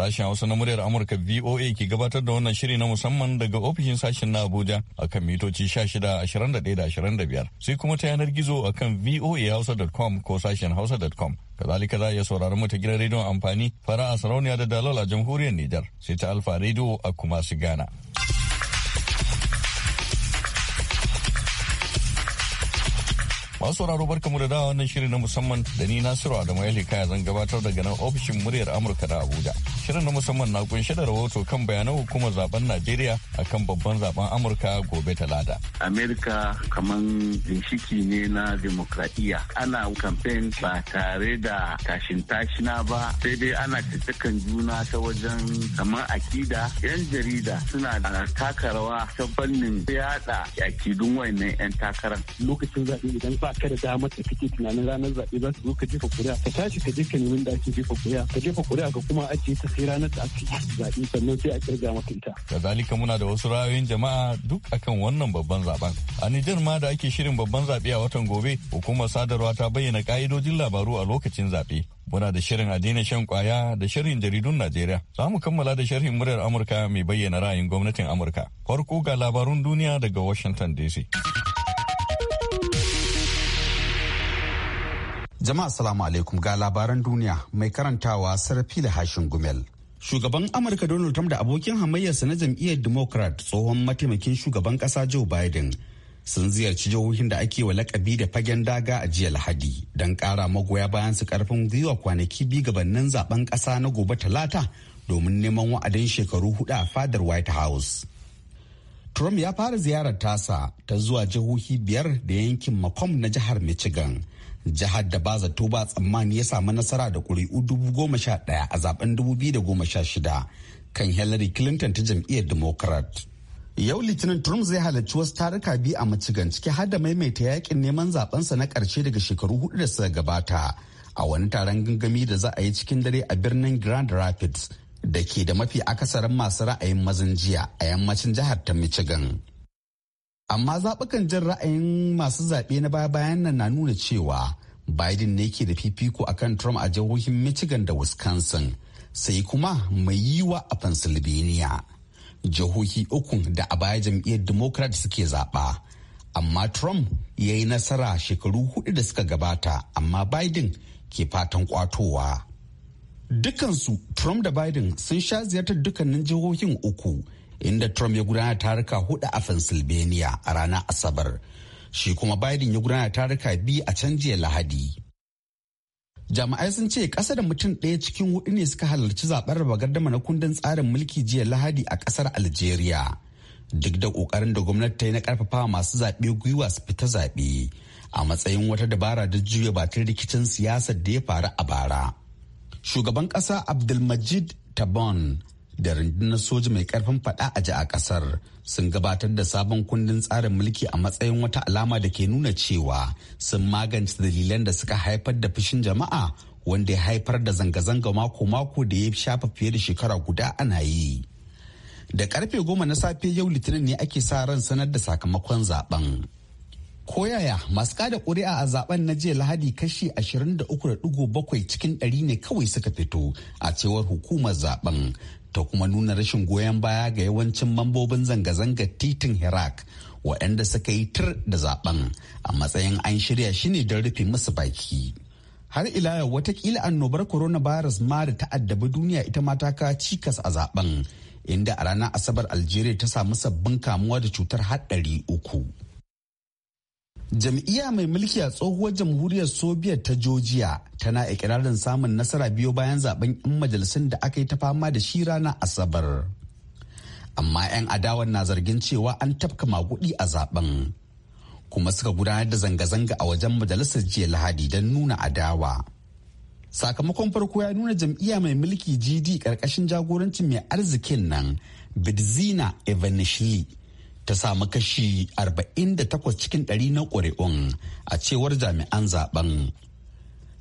Sashen Hausa na muryar Amurka VOA ke gabatar da wannan shiri na musamman daga ofishin sashen na Abuja akan mitoci 16, 21 da 25. Sai kuma ta yanar gizo akan voahausa.com ko sashen hausa.com. Kazalika za a iya saurari mu ta gidan rediyon amfani fara a sarauniya da dalol a jamhuriyar Nijar sai ta Alfa rediyo a kuma su Ghana. Masu sauraro barkamu da dawa wannan shirin na musamman da ni Nasiru Adamu Yali kaya zan gabatar daga nan ofishin muryar Amurka da Abuja. Shirin na musamman na kunshe da rahoto kan bayanan hukumar zaben Najeriya akan babban zaben Amurka gobe Talata. Amerika kaman ginshiki ne na demokradiyya. Ana kamfen ba tare da tashin tashina ba sai dai ana tattakan juna ta wajen kamar akida. Yan jarida suna da taka rawa ta fannin yada yakidun wayannan 'yan takarar. Lokacin zaɓe idan ba ba ka da damar ta kake tunanin ranar zaɓe za su zo ka jefa kuri'a ka tashi ka je ka nemi da ake jefa kuri'a ka jefa kuri'a ka kuma ajiye ta sai ranar da ake zaɓe sannan sai a kirga maka ita. kazalika muna da wasu ra'ayoyin jama'a duk akan wannan babban zaben a Nijar ma da ake shirin babban zaɓe a watan gobe hukumar sadarwa ta bayyana ka'idojin labaru a lokacin zaɓe muna da shirin a daina shan kwaya da shirin jaridun Najeriya. Za mu kammala da sharhin muryar Amurka mai bayyana ra'ayin gwamnatin Amurka. Farko ga labarun duniya daga Washington DC. Jama'a salamu alaikum ga labaran duniya mai karantawa Sarfila Hashin Gumel. Shugaban Amurka Donald Trump da abokin hamayyarsa na jam'iyyar Democrat tsohon mataimakin shugaban kasa Joe Biden sun ziyarci jihohin da ake wa lakabi da fagen daga a jiya Lahadi don kara magoya bayan su karfin gwiwa kwanaki biyu gabanin zaben kasa na gobe Talata domin neman wa'adin shekaru hudu a fadar White House. Trump ya fara ziyarar tasa ta zuwa jihohi biyar da yankin Macomb na jihar Michigan. jihar da ba zato ba tsammani ya samu nasara da kuri'u dubu goma sha daya a zaben dubu biyu da goma sha shida kan hillary clinton ta jam'iyyar democrat yau litinin trump zai halarci wasu taruka biyu a michigan ciki har da maimaita yakin neman zabensa na karshe daga shekaru hudu da suka gabata a wani taron gangami da za a yi cikin dare a birnin grand rapids da ke da mafi akasarin masu ra'ayin mazan jiya a yammacin jihar ta michigan amma zaɓukan jin ra'ayin masu zaɓe na baya bayan nan na nuna cewa biden ne ke da fifiko akan trump a jihohin michigan da wisconsin sai kuma mai yiwa a pennsylvania jihohi uku da a baya jam'iyyar democrat suke zaɓa amma trump ya yi nasara shekaru hudu da suka gabata amma biden ke fatan kwatowa dukansu trump da biden sun sha ziyartar dukkanin jihohin uku inda Trump ya gudanar taruka hudu a Pennsylvania a ranar Asabar. Shi kuma Biden ya gudanar taruka biyu a can jiya Lahadi. Jami'ai sun ce ƙasa da mutum ɗaya cikin hudu ne suka halarci zaɓen raba gardama na kundin tsarin mulki jiya Lahadi a ƙasar Algeria. Duk da ƙoƙarin da gwamnati ta yi na ƙarfafa masu zaɓe gwiwa su fita zaɓe a matsayin wata dabara da juya batun rikicin siyasar da ya faru a bara. Shugaban ƙasa Abdulmajid Tabon da rundunar soja mai karfin fada a ji a kasar sun gabatar da sabon kundin tsarin mulki a matsayin wata alama da ke nuna cewa sun magance dalilan da suka haifar da fushin jama'a wanda ya haifar da zanga-zanga mako-mako da ya shafa fiye da shekara guda ana yi. Da karfe goma na safe yau litinin ne ake sa ran sanar da sakamakon zaben. Koyaya masu kada ƙuri'a a zaben na jiya Lahadi kashi 23.7 cikin ɗari ne kawai suka fito a cewar hukumar zaben ta kuma nuna rashin goyon baya ga yawancin mambobin zanga-zanga titin Herak waɗanda suka yi tir da zaben a matsayin an shirya shi ne don rufe musu baki. Har ila yau watakila annobar coronavirus ma da ta'addabi duniya ita ma ta cikas a zaben inda a ranar Asabar Algeria ta samu sabbin kamuwa da cutar haɗari uku. jam'iyya mai mulki a tsohuwar jamhuriyar soviet ta georgia tana ikirarin samun nasara biyu bayan zaben 'yan majalisun da aka yi ta fama da shi rana asabar amma 'yan adawan na zargin cewa an tafka maguɗi a zaben kuma suka gudanar da zanga-zanga a wajen majalisar jiya lahadi don nuna adawa sakamakon farko ya nuna jam'iyya mai mulki gd karkashin jagorancin mai arzikin nan bidzina evanishli ta samu kashi 48 cikin 100 na ƙuri'un a cewar jami'an zaben.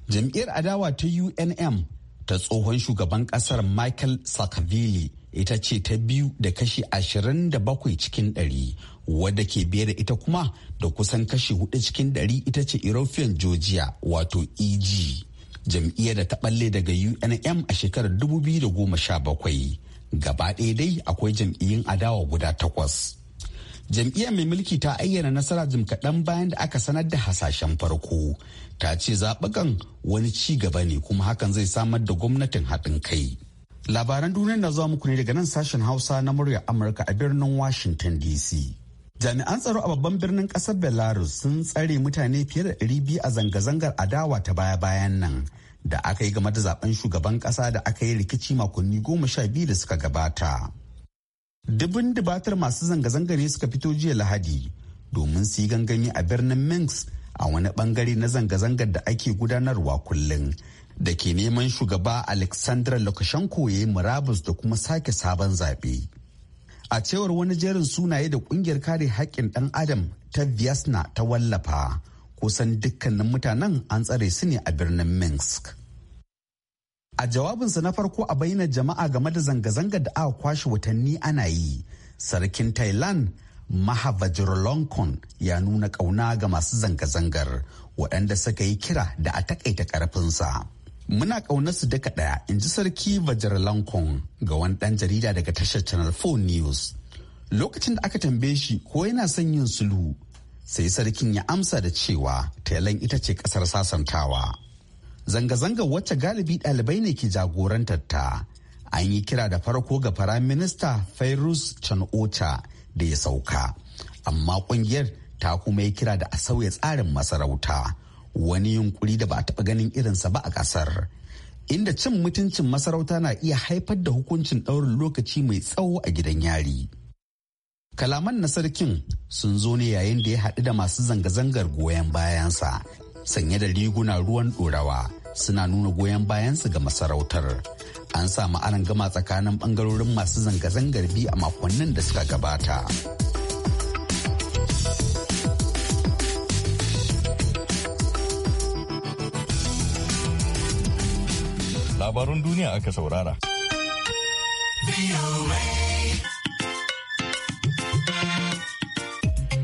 Jam'iyyar adawa ta UNM ta tsohon shugaban ƙasar Michael sakavili ita ce ta biyu da kashi 27 cikin 100 wadda ke biye da ita kuma da kusan kashi 4 cikin 100 ita ce European Georgia wato EG. Jam'iyyar da ta balle daga UNM a shekarar 2017. Gaba ɗaya dai akwai jam'iyyun adawa guda takwas. jam'iyyar mai mulki ta ayyana nasara jim kaɗan bayan da aka sanar da hasashen farko ta ce zaɓukan wani ci gaba ne kuma hakan zai samar da gwamnatin haɗin kai labaran duniya na zuwa muku ne daga nan sashen hausa na murya amurka a birnin washington dc jami'an tsaro a babban birnin ƙasar belarus sun tsare mutane fiye da ɗari biyu a zanga-zangar adawa ta baya-bayan nan da aka yi game da zaben shugaban ƙasa da aka yi rikici makonni goma sha biyu da suka gabata dubin dubatar masu zanga-zanga ne suka fito jiya lahadi domin su yi gangami a birnin minsk a wani bangare na zanga-zangar da ake gudanarwa kullum da ke neman shugaba alexandra lukashenko ya yi murabus da kuma sake sabon zaɓe a cewar wani jerin sunaye da kungiyar kare haƙƙin ɗan adam ta viasna ta wallafa kusan dukkanin mutanen an tsare su ne a birnin minsk A jawabinsa na farko a bayyana jama'a game da zanga-zangar da aka kwashe watanni ana yi, sarkin Thailand Mahavajiralongkorn ya nuna kauna ga masu zanga-zangar waɗanda suka yi kira da a takaita karfinsa Muna ƙaunar su duka ɗaya, in ji sarki Vajiralongkorn ga wani ɗan jarida daga tashar Channel 4 News. Lokacin da aka tambaye shi ko yana son yin sulhu, sai sarkin ya amsa da cewa Thailand ita ce ƙasar sasantawa. zanga-zangar wacce galibi ɗalibai ne ke jagorantar ta an yi kira da farko ga firayim minista fairuz chanota da ya sauka amma kungiyar ta kuma yi kira da a sauya tsarin masarauta wani yunkuri da ba a taɓa ganin irinsa ba a ƙasar inda cin mutuncin masarauta na iya haifar da hukuncin ɗaurin lokaci mai tsawo a gidan yari kalaman na sarkin sun zo ne yayin da ya haɗu da masu zanga-zangar goyon bayansa sanye da riguna ruwan ɗorawa suna nuna goyon bayansu ga masarautar an samu aron gama tsakanin bangarorin masu zanga-zangar bi a makonnin da suka gabata labarun duniya aka saurara.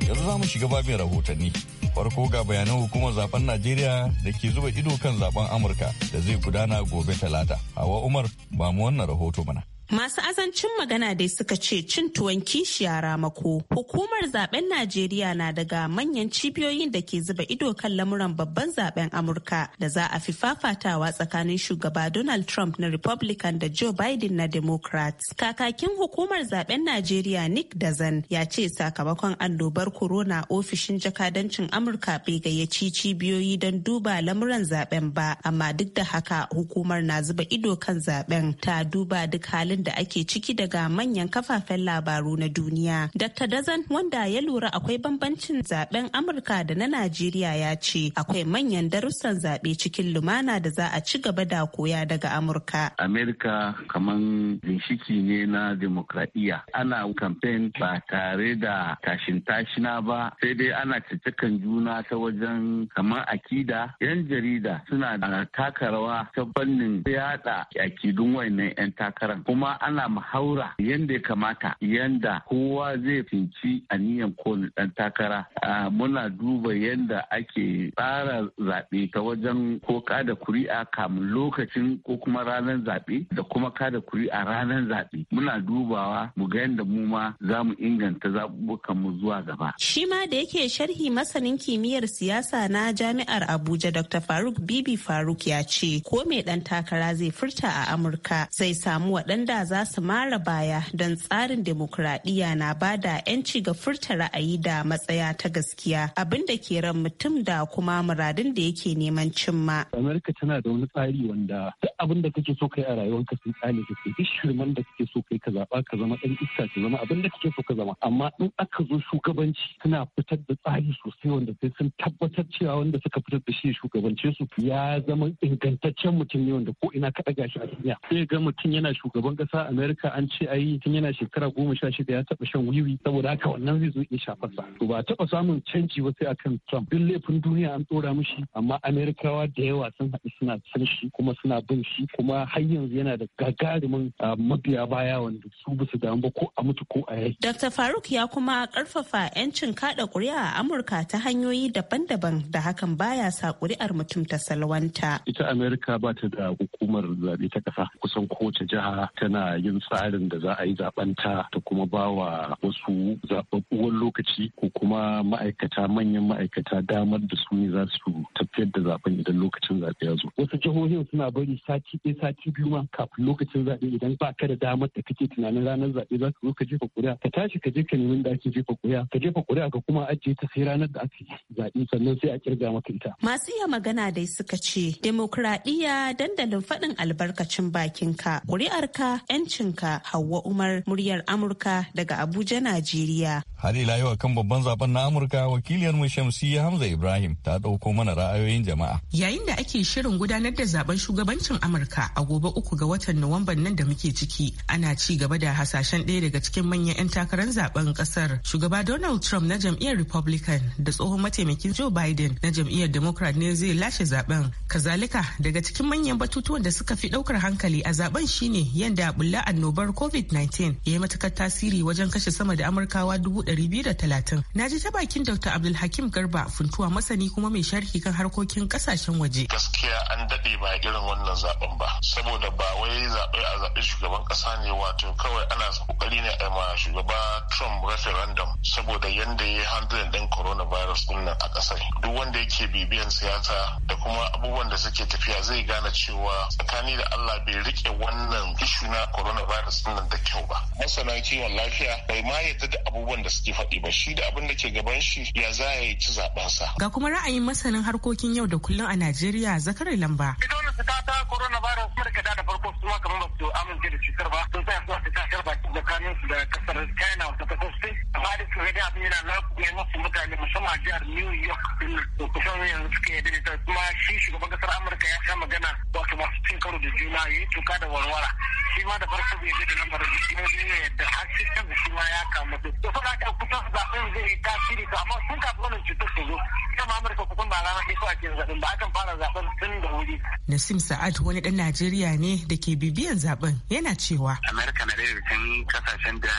yanzu za mu shiga babin rahotanni farko ga bayanan hukumar zaben najeriya da ke zuba ido kan zaben amurka da zai gudana gobe talata hawa umar ba mu wannan rahoto mana Masu azancin magana dai suka ce cin tuwon kishi kishiya ramako. Hukumar zaben Najeriya na daga manyan cibiyoyin da ke zuba ido kan lamuran babban zaben Amurka da za a fi fafatawa tsakanin shugaba Donald Trump na Republican da Joe Biden na Democrat. Kakakin hukumar zaben Najeriya Nick Dazan ya ce sakamakon annobar corona ofishin jakadancin Amurka bai gayyaci cibiyoyi don duba lamuran zaben ba, amma duk da haka hukumar na zuba ido kan zaben ta duba duk halin halin da ake ciki daga manyan kafafen labaru na duniya. Dr. Dazan wanda ya lura akwai bambancin zaben Amurka da na Najeriya ya ce akwai manyan darussan zaɓe cikin lumana da za a ci gaba da koya daga Amurka. Amerika kaman ginshiki ne na demokradiyya. Ana kamfen ba tare da tashin tashina ba sai dai ana cikin juna ta wajen kamar akida. Yan jarida suna da taka rawa ta fannin yada akidun wayannan 'yan takarar. Kuma kuma ana mahaura yadda ya kamata yadda kowa zai finci aniyan kowane dan takara muna duba yadda ake tsara zaɓe ta wajen ko kada kuri'a kamun lokacin ko kuma ranar zaɓe da kuma kada kuri'a ranar zaɓe muna dubawa mu ga yadda mu ma za mu inganta zaɓuɓɓukan mu zuwa gaba. Shi ma da yake sharhi masanin kimiyyar siyasa na jami'ar Abuja Dr. Faruk Bibi Faruk ya ce ko mai ɗan takara zai furta a Amurka zai samu waɗanda da za su mara baya don tsarin demokuraɗiyya na ba da 'yanci ga furta ra'ayi da matsaya ta gaskiya abin da ke ran mutum da kuma muradin da yake neman cimma. Amerika tana da wani tsari wanda duk abin da kake so kai a rayuwarka sun tsane ka kai duk shirman da kake so kai ka zaba ka zama ɗan iska ka zama abin da kake so ka zama amma in aka zo shugabanci suna fitar da tsari sosai wanda sai sun tabbatar cewa wanda suka fitar da shi shugabance su ya zama ingantaccen mutum ne wanda ko ina ka ɗaga shi a duniya sai ga mutum yana shugaban kasa Amerika an ce ai tun yana shekara goma sha shida ya taɓa shan wiwi saboda haka wannan zai zo ya shafar sa to ba taɓa samun canji ba sai akan trump duk laifin duniya an tsora mushi amma amerikawa da yawa sun haɗu suna san shi kuma suna bin shi kuma har yanzu yana da gagarumin ah, mabiya baya wanda su ba su damu ba ko a mutu ko a yayi dr faruk ya kuma karfafa 'yancin kaɗa ƙuri'a a amurka ta hanyoyi daban-daban da hakan baya sa ƙuri'ar mutum ta salwanta. ita amerika ba ta da hukumar zaɓe ta ƙasa kusan kowace jiha tana ana yin tsarin da za a yi zabanta ta kuma ba wa wasu zababbuwan lokaci ko kuma ma'aikata manyan ma'aikata damar da su ne za su tafiyar da zaben idan lokacin zaɓe ya zo. Wasu jihohin suna bari sati ɗaya sati biyu ma kafin lokacin zaɓe idan ba ka da damar da kake tunanin ranar zaɓe za su zo ka jefa ƙuri'a ka tashi ka je ka nemi da ake jefa ƙuri'a ka jefa ƙuri'a ka kuma ajiye ta sai ranar da ake zaɓe sannan sai a kirga maka ita. Masu iya magana dai suka ce demokradiyya dandalin faɗin albarkacin bakin ka ƙuri'ar ka 'yancinka Hauwa Umar muryar Amurka daga Abuja, Najeriya. Har ila yau kan babban zaben na Amurka wakiliyar mu Shamsiyya Hamza Ibrahim ta ɗauko mana ra'ayoyin jama'a. Yayin da ake shirin gudanar da zaben shugabancin Amurka a gobe uku ga watan Nuwamban nan da muke ciki ana ci gaba da hasashen ɗaya daga cikin manyan 'yan takarar zaben ƙasar. Shugaba Donald Trump na jam'iyyar Republican da tsohon mataimakin Joe Biden na jam'iyyar Democrat ne zai lashe zaben. Kazalika daga cikin manyan batutuwan da suka fi ɗaukar hankali a zaben shine yadda bulla annobar covid-19 ya yi matukar tasiri wajen kashe sama da amurkawa 230 na ji ta bakin dr abdulhakim garba funtuwa masani kuma mai sharhi kan harkokin kasashen waje gaskiya an daɗe ba irin wannan zaben ba saboda ba wai zaɓe a zaɓi shugaban ƙasa ne wato kawai ana kokari ne a ma shugaba trump referendum saboda yadda ya handle din coronavirus ɗin nan a ƙasar duk wanda yake bibiyan siyasa da kuma abubuwan da suke tafiya zai gane cewa tsakani da allah bai rike wannan ishu na na coronavirus din nan da kyau ba masana kiwon lafiya bai ma yadda da abubuwan da suke faɗi ba shi da abin da ke gaban shi ya za ya ci zaben sa ga kuma ra'ayin masanin harkokin yau da kullum a Najeriya Zakari Lamba ita wannan cuta ta coronavirus Amurka da farko su ma kamar ba su amince da cutar ba sun tsaya suna fita kar baki tsakanin su da kasar China wata kasar Spain amma da su ga abin yana lafiya musu mutane musamman a jihar New York din kusan yanzu suka yadda da kuma shi shugaban kasar Amurka ya sha magana wato masu cin karo da juna ya yi tuka da warwara shi ma ma da farko bai da lamarin da kuma ne ya yadda har sai kan shi ma ya da to ka kusa zaɓen zai yi tasiri to amma sun kafin wannan cutar ta zo ita ma Amurka kusan ba rana ɗaya ko a zaben ba akan fara zaben tun da wuri Nasim Sa'ad wani dan Najeriya ne da ke bibiyan zaben yana cewa Amurka na daga cikin kasashen da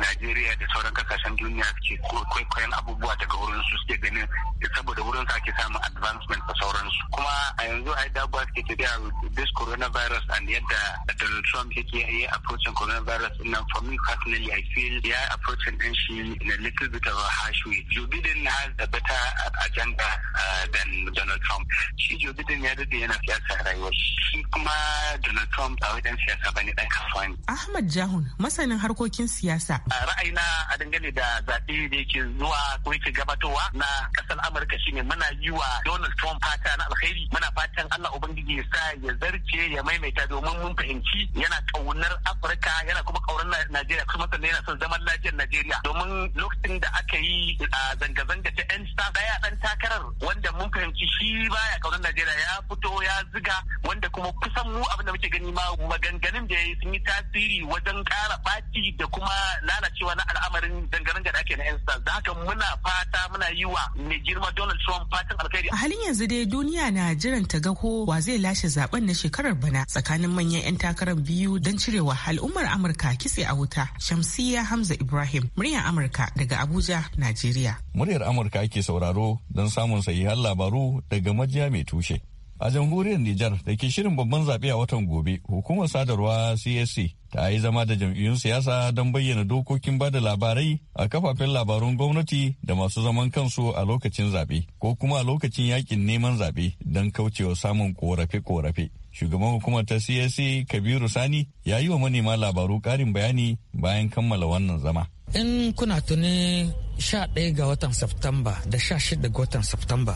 Najeriya da sauran kasashen duniya suke kwaikwayon abubuwa daga wurin su suke ganin saboda wurin sa ake samun advancement da sauransu kuma a yanzu a yi dabuwa suke tafiya this coronavirus and yadda Donald Trump yake yi approaching coronavirus nan for me personally I feel ya approaching din shi in a little bit of a harsh way Joe Biden has a better agenda uh, than Donald Trump shi Joe Biden ya dade yana siyasa rayuwar shi kuma Donald Trump ba wajen siyasa bane dan kasuwa ne Ahmad Jahun masanin harkokin siyasa ra'ayina a dangane da zaɓe da yake zuwa ko yake gabatowa na kasar Amurka ne muna yi wa Donald Trump fata na alkhairi muna fatan Allah ubangiji ya sa ya zarce ya maimaita domin mun fahimci yana kaunar Afirka yana kuma kaunar Najeriya kuma sannan yana son zaman lafiyar Najeriya domin lokacin da aka yi zanga-zanga ta yan sa daya dan takarar wanda mun fahimci shi baya kaunar Najeriya ya fito ya ziga wanda kuma kusan mu abin da muke gani ma maganganun da yayi sun yi tasiri wajen kara baci da kuma lalacewa na al'amarin zanga-zanga da ake na yan sa da haka muna fata muna yi wa mai ma Donald Trump fatan alkhairi. A halin yanzu dai duniya na jiran ta ga ko wa zai lashe zaben na shekarar bana tsakanin manyan 'yan takarar biyu don cire wa al'ummar Amurka kitse a wuta. shamsiyya Hamza Ibrahim, muryar Amurka daga Abuja, Najeriya. Muryar Amurka ake sauraro don samun sahihan labaru daga majiya mai tushe. a jamhuriyar Nijar da ke shirin babban zaɓe a watan gobe hukumar sadarwa CSC ta yi zama da jam'iyyun siyasa don bayyana dokokin ba da labarai a kafafen labarun gwamnati da masu zaman kansu a lokacin zaɓe ko kuma a lokacin yakin neman zaɓe don kaucewa samun korafe-korafe. Shugaban hukumar ta CSC Kabiru Sani ya yi wa manema labaru ƙarin bayani bayan kammala wannan zama. In kuna tuni 11 ga watan Septamba da 16 ga watan Septamba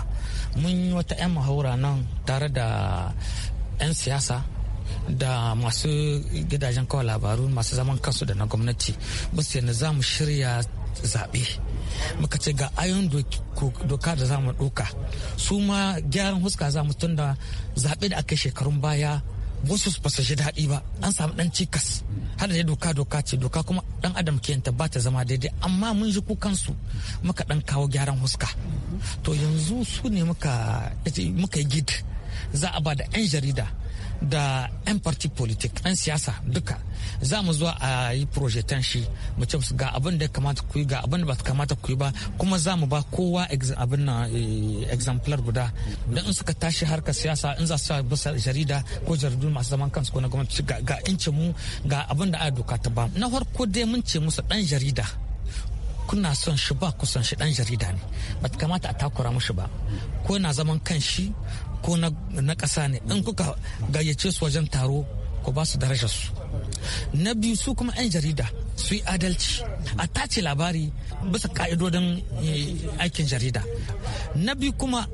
mun yi wata 'yan mahaura nan tare da 'yan siyasa da masu gidajen kawai labaru masu zaman kansu da na gwamnati musu yadda za mu shirya zaɓe muka ce ga ayon doka da za mu ɗoka su ma gyaran huska za mu tunda zaɓe da aka shekarun baya wasu ba su ji daɗi ba an samu ɗan cikas har da doka doka ce doka kuma ɗan adam ke ta ba ta zama daidai amma mun ji kukansu muka ɗan kawo gyaran huska to yanzu su ne muka yi gid za a ba da 'yan jarida da 'yan party politik 'yan siyasa duka za mu zuwa a yi projetan shi mu ce ga abin da kamata ku yi ga abin da ba kamata ku yi ba kuma za mu ba kowa abin na eh, exemplar guda don in suka tashi harkar siyasa in za su sa bisa jarida ko jaridu masu zaman kansu ko na gwamnati ga ince mu ga abin da aya doka ta ba na farko dai mun ce musu dan jarida kuna son shi ba ku son shi dan jarida ne ba kamata a takura mushi ba ko na zaman kan shi ko na ƙasa ne in kuka gayyace su wajen taro ku ba su darajarsu na biyu su kuma 'yan jarida su yi adalci a tace labari bisa ka'idodin eh, aikin jarida na biyu kuma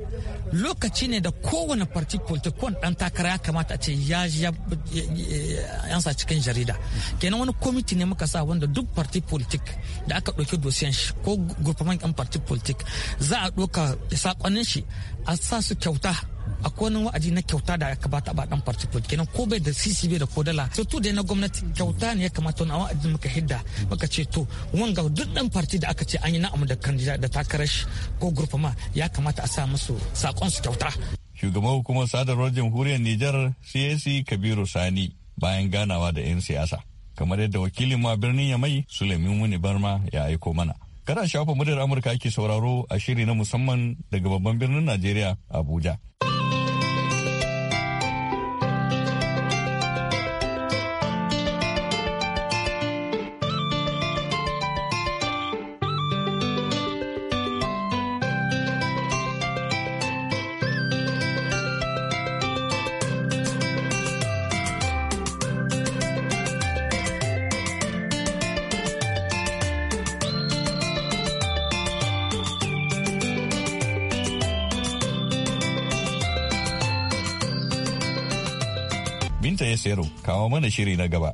lokaci ne da kowane parti politik kowane dan takara ya kamata ce ya yansa cikin jarida kenan wani kwamiti ne muka sa wanda duk parti politik da aka ɗauki dosiyan shi ko gurfaman yan parti politik za a ɗauka saƙonin shi a sa su kyauta akwai wani wa'adi na kyauta da aka bata ba dan farci kenan ko bai da ccb da ko dala surtout dai na gwamnati kyauta ne ya kamata wani wa'adi muka hidda muka ce to wanga duk dan party da aka ce an yi na'am da kandida da takarar ko ma ya kamata a sa musu sakon su kyauta shugaban hukumar sadarwar jamhuriyar Nijar CAC Kabiru Sani bayan ganawa da 'yan siyasa kamar yadda wakilin ma birnin mai Suleiman Muni Barma ya aiko mana. Kada shafa muryar Amurka ake sauraro a shiri na musamman daga babban birnin Najeriya Abuja. kawo mana shiri na gaba.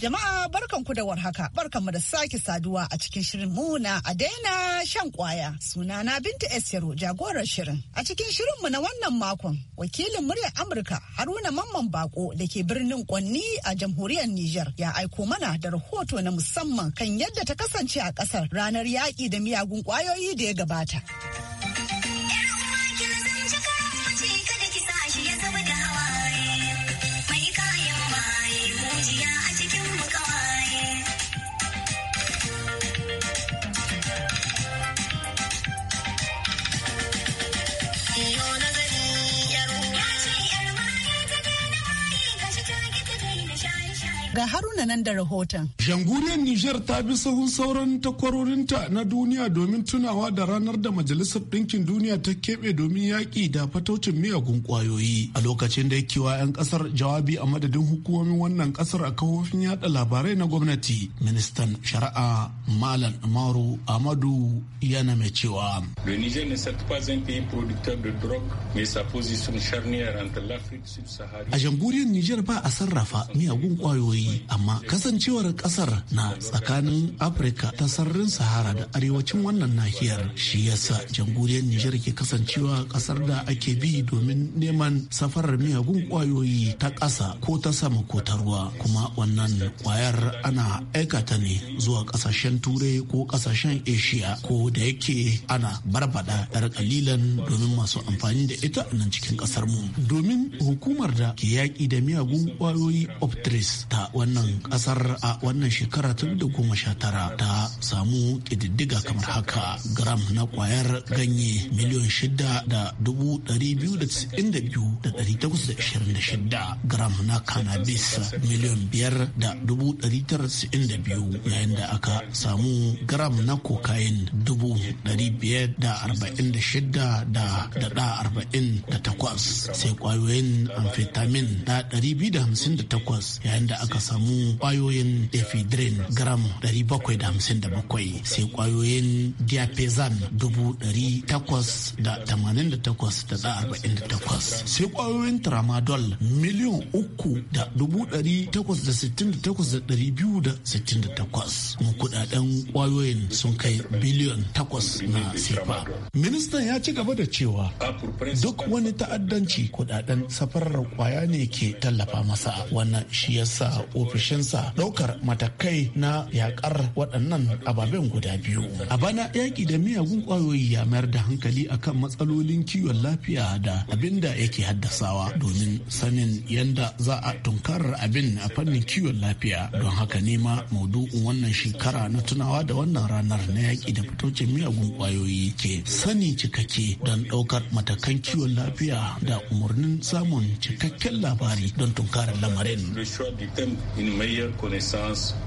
Jama'a barkanku da warhaka, barkanmu da sake saduwa a cikin shirin muna a daina shan kwaya. suna na Binta Esiro jagorar shirin. A cikin shirinmu na wannan makon, wakilin muryar Amurka Haruna Mamman Bako da ke birnin Kwanni a jamhuriyar Nijar ya aiko mana da rahoto na musamman kan yadda ta kasance a ƙasar ranar yaƙi da miyagun kwayoyi da ya gabata. Haruna nan da rahoton. Janguriyar Nijar ta bi sahun sauran takwarorinta na duniya domin tunawa da ranar da Majalisar Ɗinkin Duniya ta keɓe domin yaƙi da fataucin miyagun ƙwayoyi. A lokacin da yake wa 'yan ƙasar jawabi a madadin hukumomin wannan ƙasar a kafofin yaɗa labarai na gwamnati, ministan shari'a Malam Umaru Amadu yana mai cewa. A jamhuriyar Nijar ba a sarrafa miyagun ƙwayoyi amma kasancewar kasar na tsakanin afirka ta sararin sahara da arewacin wannan nahiyar shi yasa jamhuriyar nijar ke kasancewa kasar da ake bi domin neman safarar miyagun kwayoyi ta ƙasa ko ta sama ko ta ruwa kuma wannan kwayar ana aikata ne zuwa ƙasashen turai ko ƙasashen asia ko da yake ana barbada yar kalilan domin masu amfani da ita a nan cikin ƙasar mu domin hukumar da ke yaƙi da miyagun kwayoyi optris ta wani wannan kasar a wannan shekara tun da goma sha tara ta samu kididdiga kamar haka gram na kwayar ganye miliyon shida da dubu dari biyu da tsin da biyu da dari takwas da ashirin da shida gram na cannabis miliyon biyar da dubu dari tara tsin da biyu yayin da aka samu gram na kokain dubu dari biyar da arba'in da shida da dada arba'in da takwas sai kwayoyin amfetamin da dari biyu da hamsin da takwas yayin da aka samu samu kwayoyin ephedrine gram 757 sai kwayoyin diapezan 888.48 sai kwayoyin tramadol miliyan 3,868,268 mu kudaden kwayoyin sun kai biliyon 8 na sefa ministan ya ci gaba da cewa duk wani ta'addanci kudaden safarar kwaya ne ke tallafa masa wannan shi yasa ofishinsa ɗaukar matakai na yakar waɗannan ababen guda biyu. A bana yaƙi da miyagun ƙwayoyi ya mayar da hankali akan matsalolin kiwon lafiya da abin da yake haddasawa domin sanin yadda za a tunkarar abin a fannin kiwon lafiya don haka ne ma maudu'in wannan shekara na tunawa da wannan ranar na yaƙi da fitocin miyagun ƙwayoyi ke sani cikakke don ɗaukar matakan kiwon lafiya da umarnin samun cikakken labari don tunkarar lamarin.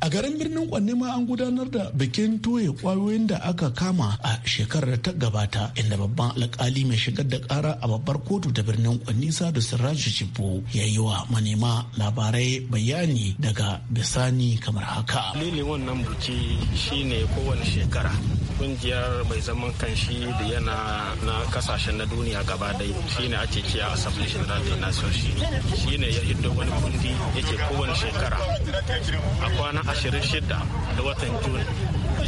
A garin birnin Kwanne ma an gudanar da bikin toye kwayoyin da aka kama a shekarar da ta gabata inda babban alkali mai shigar da kara a babbar kotu da birnin Kwanne da Siraju Cibo ya yi wa manema labarai bayani daga bisani kamar haka. Lili wannan buki shine kowane shekara kungiyar mai zaman kanshi da yana na kasashen na duniya gaba dai shine ake kiya a general da nation shine ya hiddo wani kundi yake kowane shekara shekara a kwana 26 da watan juni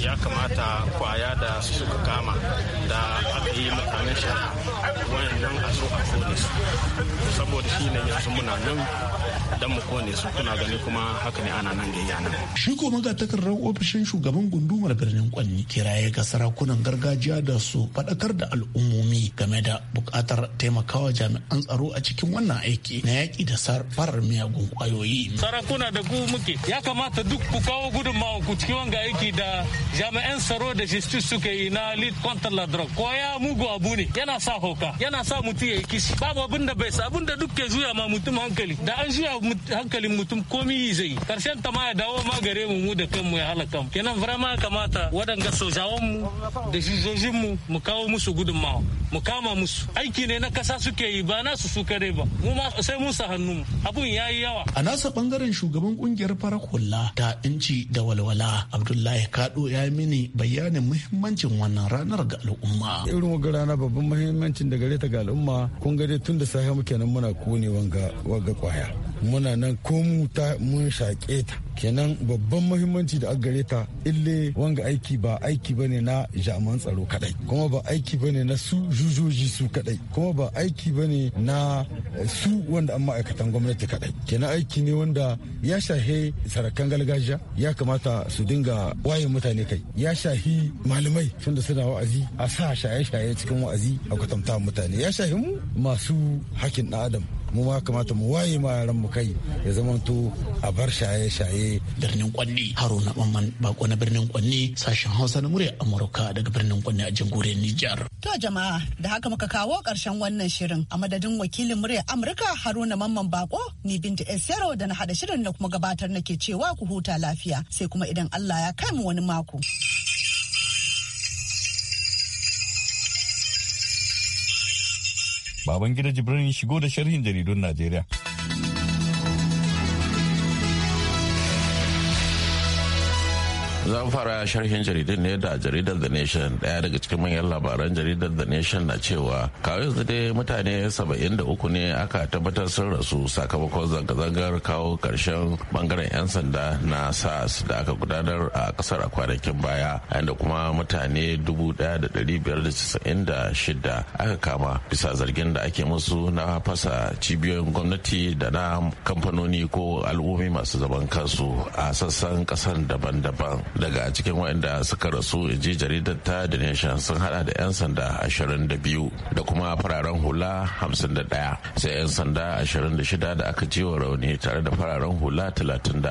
ya kamata kwaya da suka kama da aka yi mutanen shara wayannan a zo a kone su saboda shi ne yanzu muna nan dan mu kone su kuna gani kuma haka ne ana nan gayya nan shi ko magatakardar ofishin shugaban gundumar birnin kwanni kiraye ga sarakunan gargajiya da su faɗakar da al'ummomi game da buƙatar taimakawa jami'an tsaro a cikin wannan aiki na yaƙi da farar miyagun kwayoyi sarakuna da ku muke ya kamata duk ku kawo gudunmawa ku cikin wanga aiki da jami'an tsaro da justice suka yi na lead contre la drogue ko ya mugu abu ne yana sa hoka yana sa mutum ya yi kishi babu abin da bai abin da duk ke zuya ma mutum hankali da an zuya hankalin mutum komi zai karshen ta ma ya dawo ma gare mu mu da kanmu ya halaka mu kenan vraiment kamata waɗanga sojawan mu da jujojin mu mu kawo musu gudunmawa mu kama musu aiki ne na kasa suke yi ba nasu su kare ba mu ma sai mun sa hannu abun yi yawa a nasa bangaren shugaban kungiyar farar hula ta inci da walwala abdullahi kado ya mini bayanin muhimmancin wannan ranar ga al'umma. Irin wani rana babban muhimmancin da gare ta ga al'umma kun gare tun da safe muke nan muna kone wanga wanga kwaya. muna nan ko ta mun shaƙe ta kenan babban muhimmanci da gare ta ille wanga aiki ba aiki bane na jaman tsaro kadai kuma ba aiki bane na su jujoji su kadai kuma ba aiki bane na su wanda an ma'aikatan gwamnati kadai kenan aiki ne wanda ya shahe sarakan galgajiya ya kamata su dinga waye mutane kai ya shahi malamai tunda suna wa'azi a sa shaye-shaye cikin wa'azi a kwatanta mutane ya shahi mu masu hakin adam mu ma kamata mu waye ma yaran mu kai ya zamanto a bar shaye-shaye birnin kwanni haruna mamman bako na birnin kwanni sashen hausa na murya amurka daga birnin kwanni a jamhuriyar Niger. to jama'a da haka muka kawo karshen wannan shirin a madadin wakilin murya amurka haruna mamman bako ni binta esero da na hada shirin na kuma gabatar nake cewa ku huta lafiya sai kuma idan allah ya kai mu wani mako. Baban Babangida Jibrin shigo da sharhin jaridun Najeriya. an fara sharhin jaridar ne da jaridar The Nation daya daga cikin manyan labaran jaridar The Nation na cewa kawai yanzu dai mutane 73 ne aka tabbatar sun rasu sakamakon zanga-zangar kawo karshen bangaren 'yan sanda na SARS da aka gudanar a kasar a kwanakin baya inda kuma mutane 1,596 aka kama bisa zargin da ake musu na fasa cibiyoyin gwamnati da na kamfanoni ko al'ummi masu zaman kansu a sassan kasar daban-daban daga cikin waɗanda suka rasu in ji jaridar ta da nation sun hada da 'yan sanda 22 da kuma fararen hula 51 sai 'yan sanda 26 da aka wa rauni tare da fararen hula 37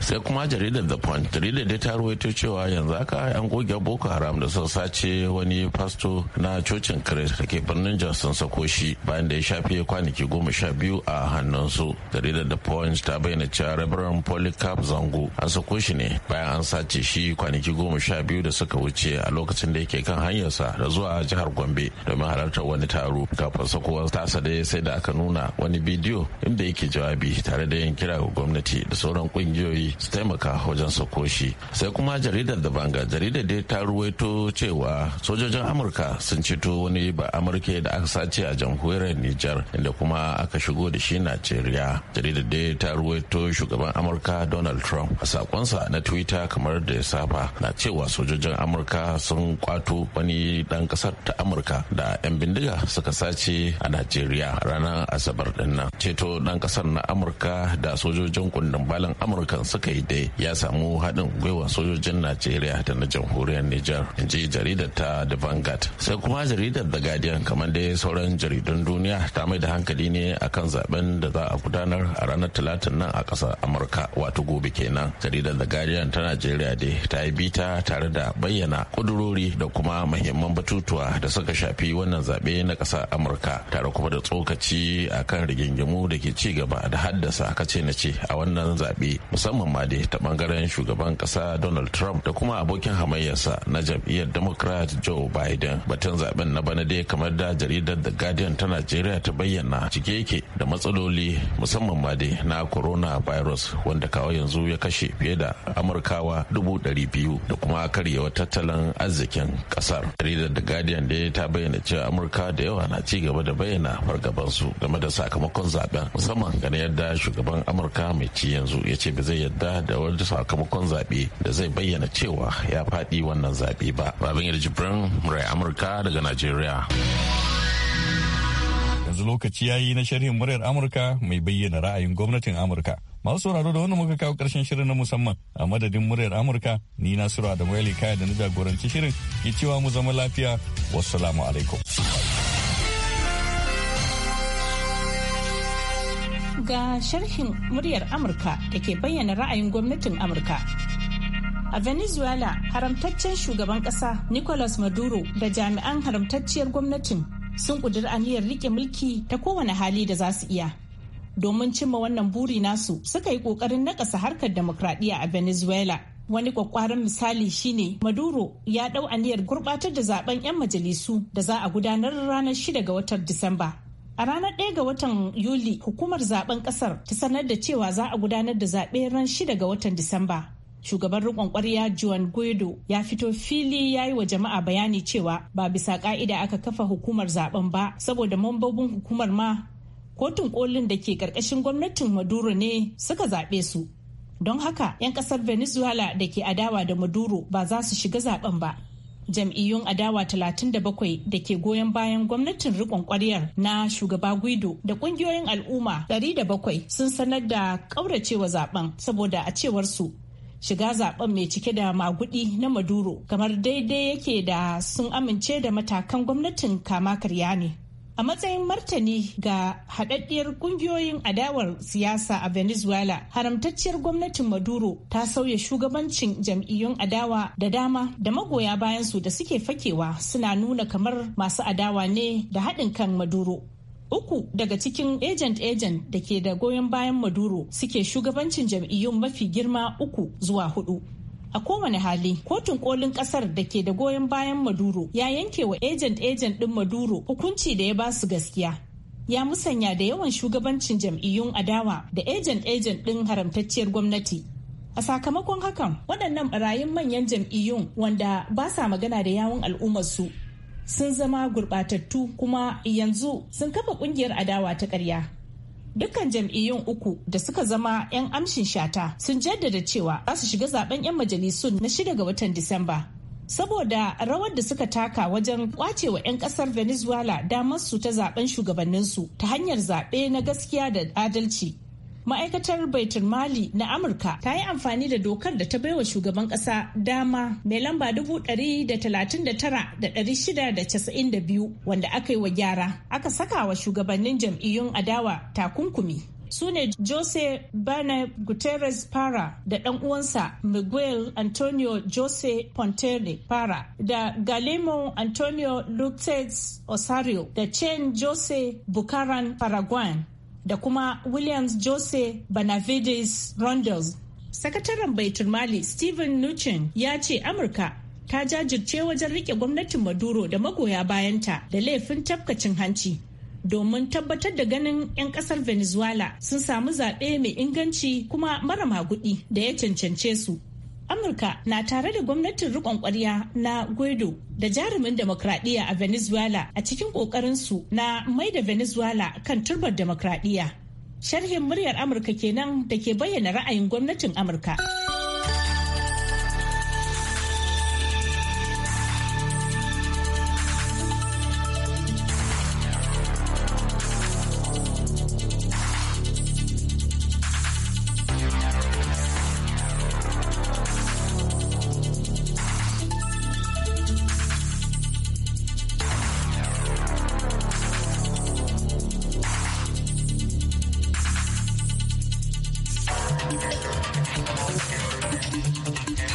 sai kuma jaridar the point jaridar da ta ruwaito cewa yanzu aka yan goge boko haram da sun sace wani fasto na cocin kirist da ke birnin jasun sakoshi bayan da ya shafe kwanaki goma sha biyu a hannunsu jaridar the point ta bayyana cewa rabaran polycarp zango an sako shi ne bayan an sace ce shi kwanaki goma sha biyu da suka wuce a lokacin da yake kan hanyarsa da zuwa jihar gombe domin halartar wani taro kafin sakowar tasa da sai da aka nuna wani bidiyo inda yake jawabi tare da yin kira ga gwamnati da sauran kungiyoyi su taimaka wajen sako shi sai kuma jaridar da banga jaridar da ta ruwaito cewa sojojin amurka sun ceto wani ba amurka da aka sace a jamhuriyar nijar inda kuma aka shigo da shi najeriya jaridar da ta ruwaito shugaban amurka donald trump a sakonsa na twitter kamar kamar da ya saba na cewa sojojin amurka sun kwato wani dan kasar ta amurka da 'yan bindiga suka sace a najeriya ranar asabar ɗinnan ceto dan kasar na amurka da sojojin kundin balin amurkan suka yi dai ya samu haɗin gwiwa sojojin najeriya da na jamhuriyar niger in ji jaridar ta the vanguard sai kuma jaridar the guardian kamar dai sauran jaridun duniya ta mai da hankali ne a kan zaben da za a gudanar a ranar talatin nan a ƙasar amurka wato gobe kenan jaridar the guardian ta najeriya najeriya dai ta yi bita tare da bayyana kudurori da kuma mahimman batutuwa da suka shafi wannan zaɓe na ƙasar amurka tare kuma da tsokaci a kan rigingimu da ke ci gaba da haddasa kace na ce a wannan zaɓe musamman ma dai ta ɓangaren shugaban ƙasa donald trump da kuma abokin hamayyarsa na jam'iyyar democrat joe biden batun zaɓen na bana dai kamar da jaridar the guardian ta najeriya ta bayyana cike yake da matsaloli musamman ma dai na virus wanda kawo yanzu ya kashe fiye da amurkawa dubu ɗari biyu da kuma karyewa tattalin arzikin ƙasar. Jaridar da Guardian da ta bayyana cewa Amurka da yawa na ci gaba da bayyana fargabansu game da sakamakon zaben musamman ganin yadda shugaban Amurka mai ci yanzu ya ce ba zai yadda da wani sakamakon zaɓe da zai bayyana cewa ya faɗi wannan zaɓe ba. Babin yarjibran Murai Amurka daga Najeriya. Yanzu lokaci ya yi na sharhin muryar Amurka mai bayyana ra'ayin gwamnatin Amurka. Masu sauraro da wannan muka kawo karshen shirin na musamman a madadin muryar Amurka ni Nasiru da Ali kaya da na jagoranci shirin ke cewa mu zama lafiya wassalamu alaikum. Ga sharhin muryar Amurka da ke bayyana ra'ayin gwamnatin Amurka. A Venezuela haramtaccen shugaban ƙasa Nicolas Maduro da jami'an haramtacciyar gwamnatin sun ƙudiri aniyar rike mulki ta kowane hali da za su iya. domin cimma wannan buri nasu suka yi kokarin nakasa harkar demokradiyya a venezuela wani kwakwaran misali shine maduro ya dau aniyar gurbatar da zaben 'yan majalisu da za a gudanar ranar 6 ga watan disamba a ranar 1 ga watan yuli hukumar zaben kasar ta sanar da cewa za a gudanar da zaɓe ran 6 ga watan disamba shugaban rikon kwarya Juan guido ya fito fili ya yi wa jama'a bayani cewa ba bisa ka'ida aka kafa hukumar zaben ba saboda mambobin hukumar ma kotun kolin da ke karkashin gwamnatin maduro ne suka zaɓe su don haka 'yan kasar venezuela da ke adawa da maduro ba za su shiga zaben ba jam'iyyun adawa 37 da ke goyon bayan gwamnatin riƙon ƙwaryar na shugaba guido da ƙungiyoyin al'umma 700 sun sanar da ƙauracewa zaben saboda a cewar su shiga zaben mai cike da magudi na maduro kamar daidai yake da sun amince da matakan gwamnatin kama karya ne a matsayin martani ga haɗaɗɗiyar ƙungiyoyin adawar siyasa a venezuela haramtacciyar gwamnatin maduro ta sauya shugabancin jam'iyyun adawa da dama da magoya bayan su da suke fakewa suna nuna kamar masu adawa ne da haɗin kan maduro uku daga cikin agent agent da ke da goyon bayan maduro suke shugabancin jam'iyyun mafi girma uku zuwa hudu a kowane hali kotun kolin kasar da ke da goyon bayan maduro ya yanke wa agent agent din maduro hukunci da ya ba su gaskiya ya musanya da yawan shugabancin jam'iyyun adawa da agent agent din haramtacciyar gwamnati a sakamakon hakan waɗannan barayin manyan jam'iyyun wanda ba sa magana da yawun al'ummarsu sun zama gurɓatattu kuma yanzu sun kafa ƙungiyar adawa ta ƙarya dukkan jam'iyyun uku da suka zama 'yan amshin shata sun jaddada cewa za su shiga zaben 'yan majalisun na shida ga watan disamba saboda rawar da suka taka wajen kwacewa 'yan kasar venezuela damar su ta zaben shugabanninsu ta hanyar zaɓe na gaskiya da adalci ma'aikatar baitul mali na amurka ta yi amfani da dokar da ta baiwa shugaban kasa dama mai lamba 139,692 wanda aka yi wa gyara aka saka wa shugabannin jam'iyyun adawa takunkumi su ne Jose Bernard Guterres Para da dan uwansa Miguel Antonio Jose Pontele Para da Galemo Antonio Lutez Osario da Chen Jose Bukaran paraguay da kuma Williams Jose Benavides Rondos. Sakataren Baitul Mali Stephen Nuchin ya ce Amurka ta jajirce wajen rike gwamnatin Maduro da magoya bayanta da laifin tafkacin hanci domin tabbatar da ganin 'yan kasar Venezuela sun samu zaɓe mai inganci kuma mara magudi da ya cancance su. Amurka na tare da gwamnatin riƙon ƙwarya na Guaido da jarumin demokradiyya a Venezuela a cikin ƙoƙarinsu na mai da Venezuela kan turbar demokradiyya. Sharhin muryar Amurka kenan da ke bayyana ra'ayin gwamnatin Amurka.